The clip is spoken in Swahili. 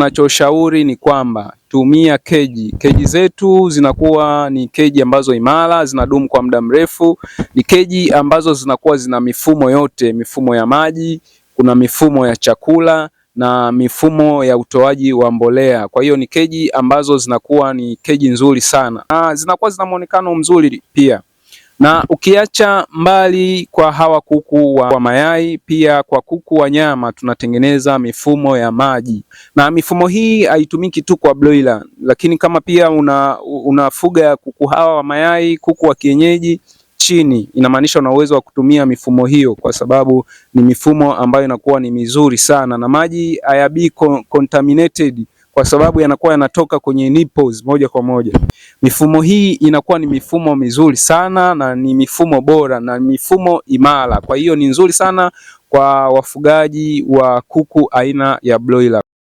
Tunachoshauri ni kwamba tumia keji. Keji zetu zinakuwa ni keji ambazo imara, zinadumu kwa muda mrefu, ni keji ambazo zinakuwa zina mifumo yote, mifumo ya maji, kuna mifumo ya chakula na mifumo ya utoaji wa mbolea. Kwa hiyo ni keji ambazo zinakuwa ni keji nzuri sana. na zinakuwa zina muonekano mzuri pia na ukiacha mbali kwa hawa kuku wa mayai, pia kwa kuku wa nyama tunatengeneza mifumo ya maji, na mifumo hii haitumiki tu kwa broiler, lakini kama pia una unafuga kuku hawa wa mayai, kuku wa kienyeji chini, inamaanisha una uwezo wa kutumia mifumo hiyo, kwa sababu ni mifumo ambayo inakuwa ni mizuri sana, na maji hayabii contaminated kwa sababu yanakuwa yanatoka kwenye nipples moja kwa moja. Mifumo hii inakuwa ni mifumo mizuri sana na ni mifumo bora na mifumo imara, kwa hiyo ni nzuri sana kwa wafugaji wa kuku aina ya broiler.